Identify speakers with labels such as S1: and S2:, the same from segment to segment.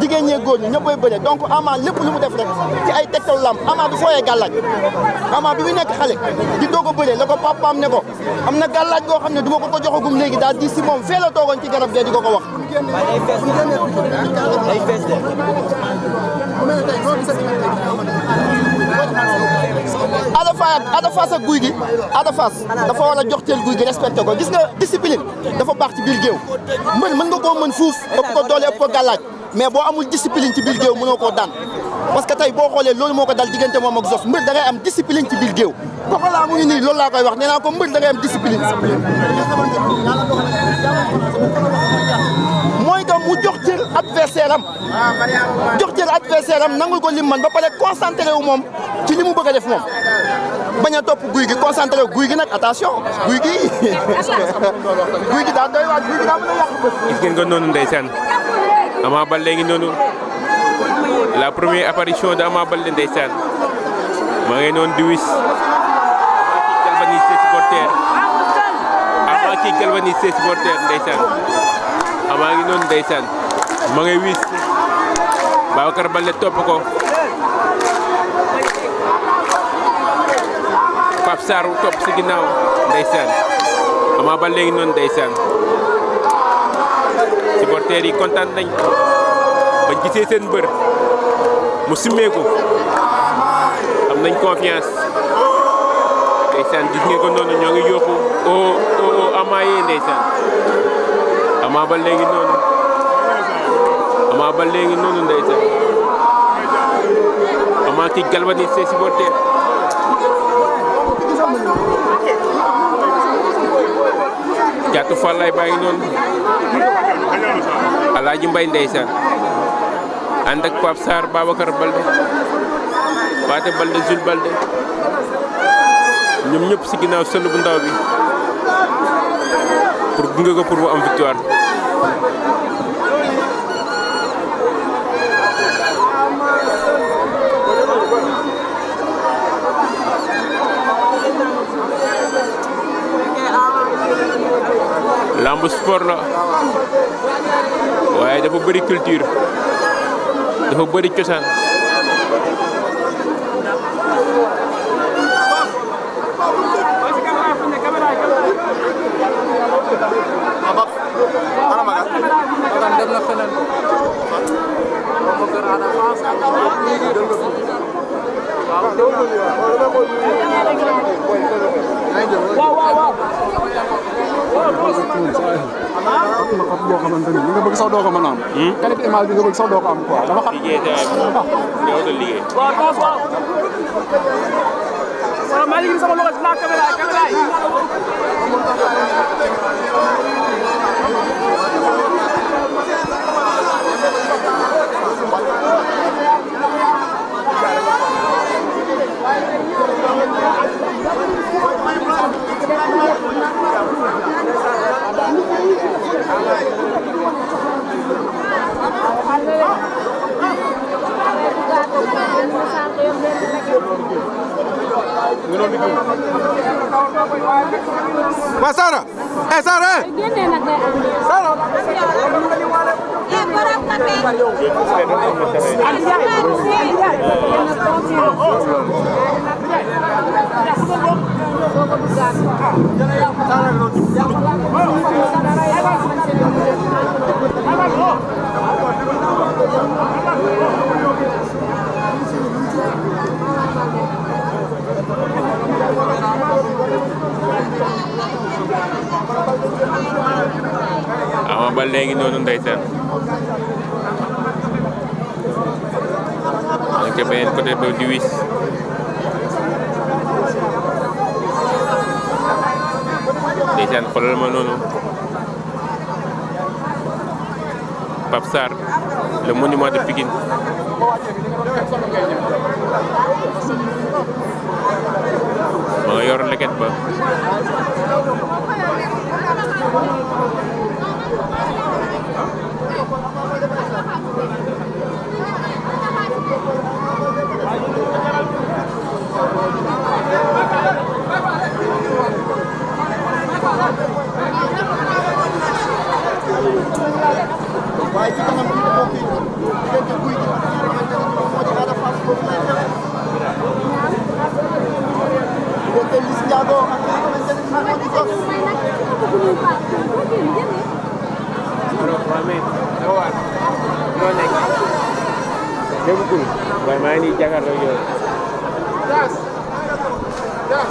S1: jigéen ñee góor ñi ñëpp bay bëre donc Ama lépp lu mu def rek ci ay tegtal lam Ama du fooyee gàllaaj Ama bi muy xale di doog a bëree la ko papaam am na gàllaaj goo xam ne du ma ko ko joxagum léegi daal di si moom fee la toogoon garab gee di ko ko wax Ada Fass ak guy gi Ada Fass dafa war a jox teel guy gi respecté ko gis nga discipline dafa baax ci biir géew mën mën nga koo mën fuuf ëpp ko doole ëpp ko gàllaaj mais boo amul discipline ci biir géew mënoo koo daan parce que tey boo xoolee loolu moo ko dal diggante moom ak Zoss mbër da ngay am discipline ci biir géew kooku laa mu nii loolu laa koy wax nee naa ko mbër da am discipline. moom mu jox cër adversaire am jox cër adversaire am ko man ba pare concentré wu moom ci li mu bëgg a def moom bañ a topp guy gi concentré wu guy gi nag attention guy gi guy gi daa doy waat guy gi daa mën a yàq bët gis ngeen ko noonu ndeysaan Ama Baldé ngi noonu la première apparition de Ama Baldé noonu di wis avant qu'il galvanise ses supporters avant qu'il galvanise ses amaa ngi noonu ndeysaan ma ngay wiis Babacar Baldé topp ko Pape Sarr topp si ginnaaw ndeysaan Ama Baldé ngi noonu ndeysaan supporters yi kontaan nañ bañ gisee seen mbër mu simmeeku am nañ confiance ndeysaan gis ngeen ko noonu ñoo ngi yóbbu o o o Ama yee Ama Baldé ngi noonu Ama Baldé ngi noonu ndeysaan Ama ki galvanisé Mbay ndeysaan ànd ak Pape Sarr Babacar Baldé Paate Baldé Zul Baldé ñoom ñëpp ci ginnaaw sël bu ndaw bi pour gunge ko pour bu am victoire lamb sport la waaye dafa bëri culture dafa bëri cosaan ana magal ran dem na feneen waaw waaw hmm? am xam boo xamante ni nga bëgg sax doo ko mën a am. qualité image bi nga bëgg sax doo ko am quoi dafa xam. liggéey waaw maa ngi gis sama loxo si la caméra yi caméra yi. Thank you. waa Sara eh Sara eh. Sara. Eh, Sara. ba léegi noonu ndeysaan nekk beneen côté ba di wis ndeysaan xoolal ma noonu Pape Sarr le monument de Pikine ma nga yor leket ba waaye ci kanam tuuti mbokk yi diggante guy gi ak nga xamante ne moom moo di Ada Fass foofu lay xewee. diggante Liss Ndiago ak nga xamante ne moom moo di Zoss. déggul waaye maa ngi jàkkaarloo yow. das das.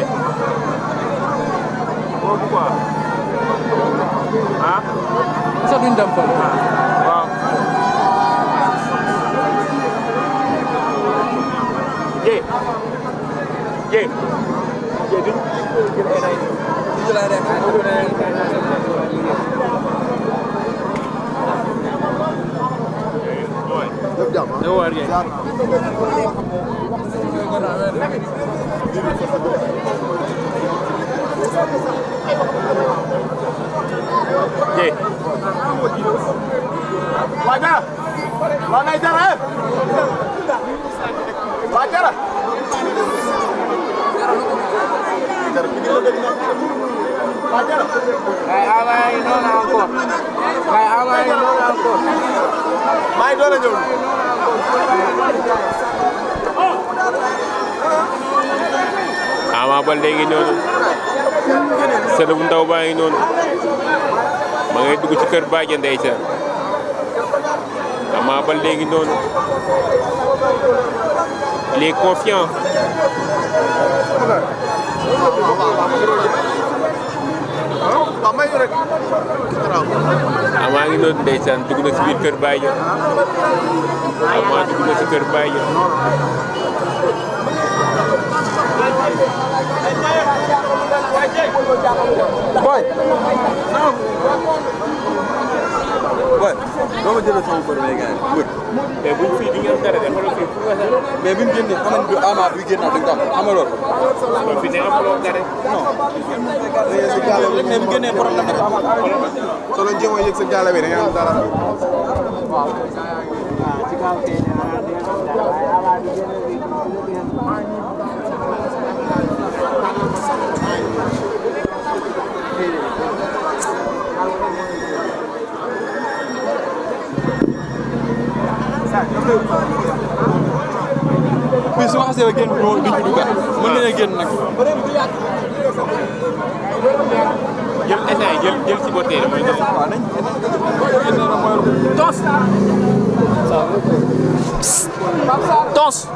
S1: jàppale boobu quoi ah. sax duñ dem fële. waaw. jéeg jéeg jéeg Deu warga. Ye. Wajar. Mana jalan? Wajar. Wajar. Hey, awak ini nak Hey, awak ini nak Main dua lagi. Oh. Ama Baldé ngi noonu sële bu ndaw baa ngi noonu ma ngay dugg ci kër Badia ndeysaan Ama Baldé ngi noonu le est confiant Ama ngi noonu ndeysaan dugg na ci biir kër Badia Ama dugg na ci kër Badia boy. boy doo ma jëlee sama bëri may gaañ mbër. mais buñ fii di ngeen dara de xoolal fii fu nga mais bi mu génnee xam nañ bi ama bi génnaat dañ ko am xam nga loolu. kon fi ne amuloo dara. non. léegi sa gaale bi mais bu génnee problème la am. soo leen jéem a yëg sa gaale bi da nga am dara. waaw. Ah, commencé ba génn ñëw di ñu dugal. waaw nag. jël essai jël jël si botte yi mooy tos.